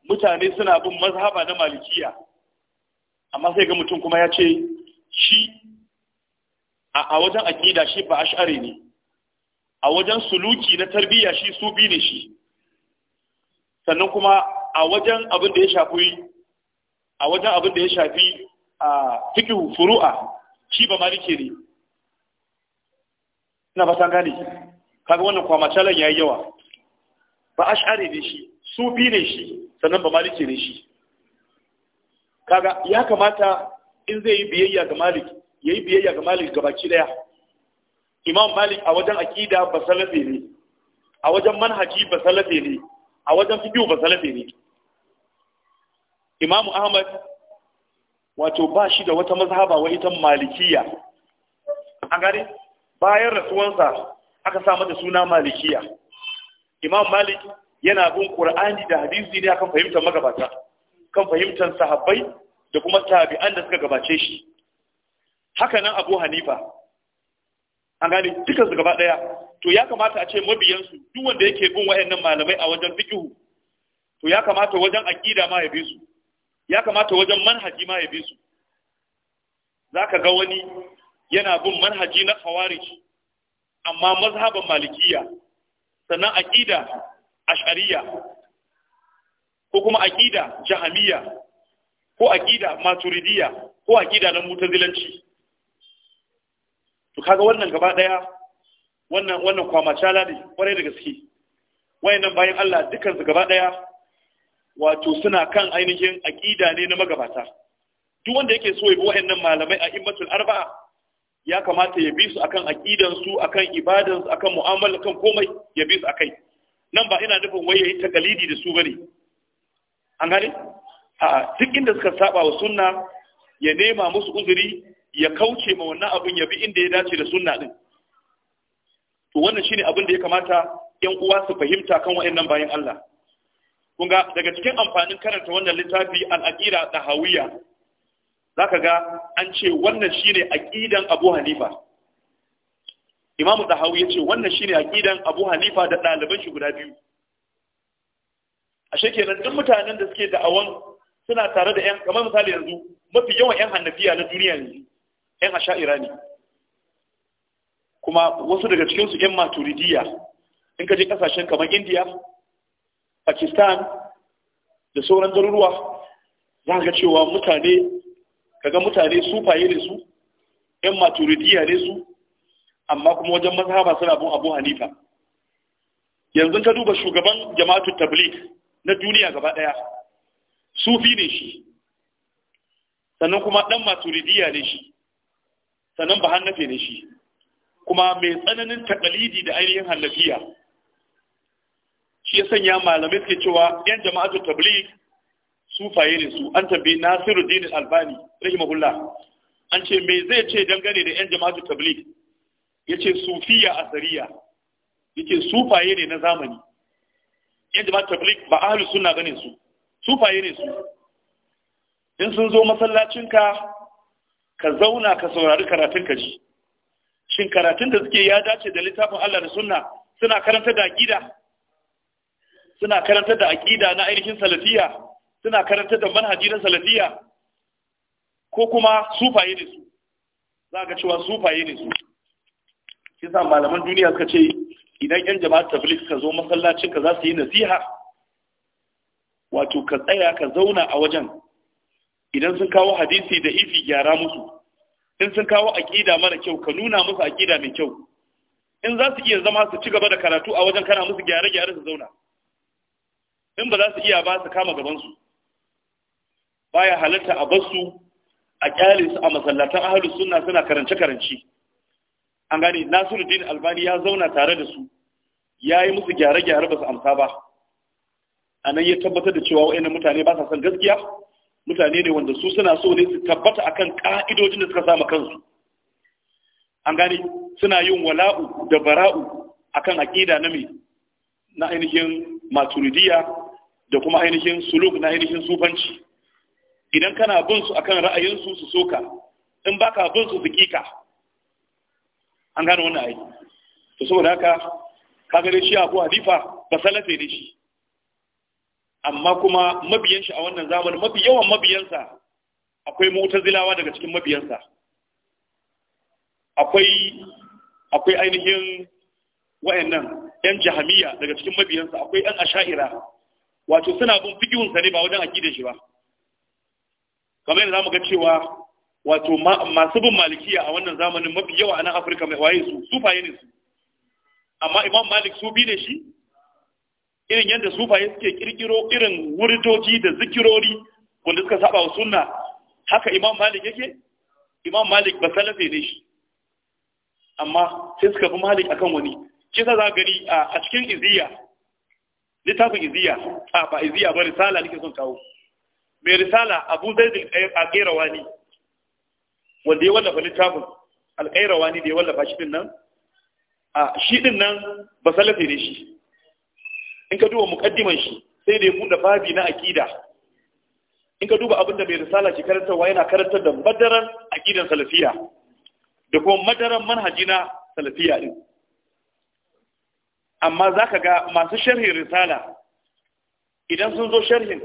mutane suna bin mazhaba na malikiya amma sai ga mutum kuma ya ce shi a wajen aƙida shi ba ash'ari ne a wajen suluki na tarbiyya shi su bi ne shi sannan kuma a wajen abin da ya shafi a wajen abin da ya shafi a fiqh furu'a shi ba malike ne ina ba san gane kaga wannan kwamacalan yayi yawa ba ash'ari ne shi su bi ne shi sannan ba malike ne shi kaga ya kamata in zai yi biyayya ga malik ya yi biyayya ga malik ga baki daya imam malik a wajen akida ba salafe ne a wajen manhaji ba salafe ne a wajen fikiyu ba salafe ne imam ahmad wato ba shi da wata mazhaba wa ita malikiya a gari bayan rasuwansa aka sa mata suna malikiya imam malik yana bin qur'ani da hadisi ne akan fahimtar magabata kan fahimtar sahabbai da kuma tabi'an da suka gabace shi haka nan abu hanifa an gane dukkan su gaba daya to ya kamata a ce mabiyansu duk wanda yake bin wayannan malamai a wajen fiqhu to ya kamata wajen aqida ma ya bi su ya kamata wajen manhaji ma ya bi su zaka ga wani yana bin manhaji na khawarij amma mazhaban malikiya sannan aqida ash'ariya ko kuma aqida jahamiyya ko aƙida maturidiya ko aƙida na mutazilanci to kaga wannan gaba daya wannan wannan chala ne kwarai da gaske wayannan bayan Allah dukkan su gaba ɗaya wato suna kan ainihin aƙida ne na magabata duk wanda yake so ya bi wayannan malamai a immatul arba'a ya kamata ya bi su akan aqidan su akan ibadan su akan mu'amala kan komai ya bi su akai nan ba ina nufin wai yayi takalidi da su bane an gane a duk inda suka saba wa sunna ya nema musu uzuri ya kauce ma wannan abin ya bi inda ya dace da sunna din to wannan shine abin da ya kamata yan uwa su fahimta kan wayannan bayan Allah kun ga daga cikin amfanin karanta wannan littafi al aqira da hawiya zaka ga an ce wannan shine aqidan Abu Hanifa Imam Dahawi ce wannan shine aqidan Abu Hanifa da ɗaliban shi guda biyu ashe kenan duk mutanen da suke da'awan suna tare da 'yan kamar misali yanzu mafi yawan 'yan hannafiya na duniya yanzu 'yan asha'ira ne kuma wasu daga cikinsu 'yan maturidiya in ka je kasashen kamar india pakistan da sauran garuruwa za ka cewa mutane kaga mutane sufaye ne su 'yan maturidiya ne su amma kuma wajen mazhaba suna bin abu hanifa yanzu ka duba shugaban jama'atu tablik na duniya gaba ɗaya. sufi ne shi sannan kuma ɗan maturidiya ne shi sannan ba hannafe ne shi kuma mai tsananin takalidi da ainihin hannafiya shi ya sanya malamai suke cewa yan jama'atu tabligh sufaye ne su an tambayi dini Albani rahimahullah an ce me zai ce dangane da yan jama'atu tabligh ce sufiya a asariya yace sufaye ne na zamani yan jama'atu tabligh ba ahlus suna ganin su sufaye ne su in sun zo masallacinka ka zauna ka saurari karatun ka ji shin karatun da suke ya dace da littafin Allah da sunna suna karanta da aqida suna karanta da aqida na ainihin salafiya suna karanta da manhaji na salafiya ko kuma sufaye ne su za ga cewa sufaye ne su kisa malaman duniya suka ce idan yan jama'a tabligh ka zo ka za su yi nasiha wato ka tsaya ka zauna a wajen idan sun kawo hadisi da ifi gyara musu in sun kawo aƙida mara kyau ka nuna musu aƙida mai kyau in za su iya zama su ci gaba da karatu a wajen kana musu gyare-gyare su zauna in ba za su iya ba su kama gabansu baya halatta a basu a kyale su a masallatan ahalu sunna suna karance-karance an gane nasiruddin albani ya zauna tare da su ya yi musu gyare-gyare ba su amsa ba a nan ya tabbatar da cewa wa'annan mutane ba sa son gaskiya mutane ne wanda su suna so ne su tabbata akan ka'idojin da suka samu kansu an gane suna yin wala'u da bara'u akan aƙida na mai na ainihin maturidiya da kuma ainihin suluk na ainihin sufanci idan kana bin su akan ra'ayinsu su soka in baka bin su su an gane wannan ayi to saboda haka kaga dai shi Abu Halifa, ba salafe ne shi amma kuma mabiyan shi a wannan zamanin mafi yawan mabiyansa akwai mutazilawa daga cikin mabiyansa akwai akwai ainihin wayannan yan jahamiya daga cikin mabiyansa akwai yan asha'ira wato suna bin sa ne ba wajen akidar shi ba kamar yadda zamu ga cewa wato masu bin malikiya a wannan zamanin mafi yawa a nan Afirka mai waye su sufaye ne su amma Imam Malik su bi ne shi irin yadda sufaye suke kirkiro irin wuritoci da zikirori wanda suka saba wa sunna haka imam malik yake imam malik ba salafe ne shi amma sai suka fi malik akan wani Kisa za gani a cikin iziya littafin iziya a ba iziya ba risala nake son kawo mai risala abu zai a kairawa ne wanda ya wallafa littafin alkairawa ne da ya wallafa shi din nan a shi din nan ba salafe ne shi in ka duba muqaddiman shi sai da ya buɗe babi na aƙida. in ka duba abinda mai risala ke karantarwa yana karantar da madaran aqidan salafiya da kuma madaran manhaji na salafiya din amma ka ga masu sharhin risala idan sun zo sharhin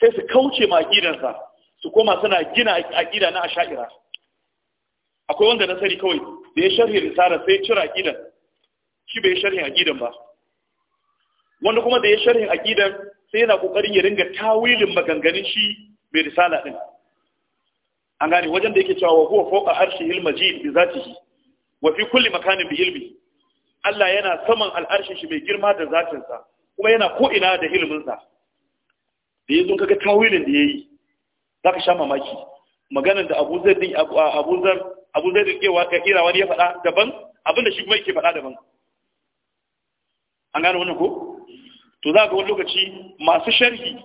sai su kauce ma aqidansa su koma suna gina aƙida na asha'ira akwai wanda na sani kawai da ya sharhin risala sai ya cira shi bai sharhin akidan ba wanda kuma da ya sharhin aqidan sai yana kokarin ya ringa tawilin maganganun shi mai risala din an gane wajen da yake cewa wa huwa fawqa arshihil majid bi zatihi wa fi kulli makanin bi ilmi Allah yana saman al'arshin shi mai girma da zatinsa kuma yana ko ina da sa da yanzu kaga tawilin da yayi zaka sha mamaki maganar da Abu Zaid din Abu Zar Abu Zaid ke kewa ka kira wani ya faɗa daban abinda shi kuma yake faɗa daban an gane wannan ko to za ga wani lokaci masu sharhi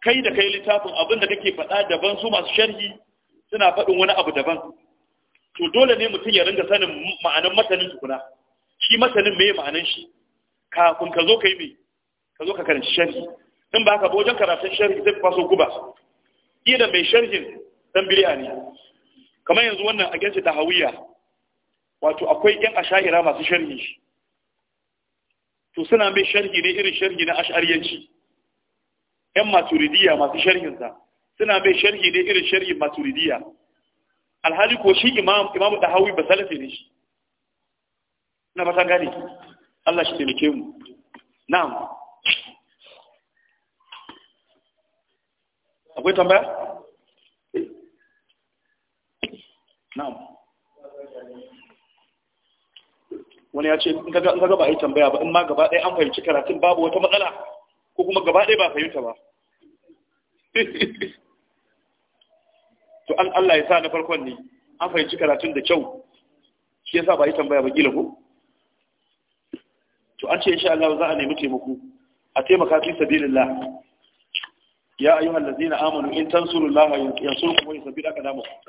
kai da kai littafin abin da kake faɗa daban su masu sharhi suna faɗin wani abu daban to dole ne mutum ya ringa sanin ma'anan matanin tukuna shi matanin me ma'anan shi kafin ka zo ka yi ka zo ka karanci sharhi in ba ka wajen karatun sharhi zai faso guba da mai sharhin dan biliya ne kamar yanzu wannan a gensa hawiya, wato akwai yan asha'ira masu sharhi shi to suna mai sharhi ne irin sharhi na ash'ariyanci yan maturidiya masu sharhinsa suna mai sharhi ne irin sharhi maturidiya alhali ko shi imam imam da hawi ba salafi ne shi na ba san gane Allah shi taimake mu na'am akwai tambaya na'am wani ya ce in ka ba a yi tambaya ba in ma gaba ɗaya an fahimci karatun babu wata matsala ko kuma gaba ɗaya ba fahimta ba to an Allah ya sa na farkon ne an fahimci karatun da kyau shi yasa ba a yi tambaya ba gila ko to an ce insha Allah za a nemi taimako a taimaka fi sabilillah ya ayyuhal ladzina amanu in tansurullaha yansurkum wa yuthabbit aqdamakum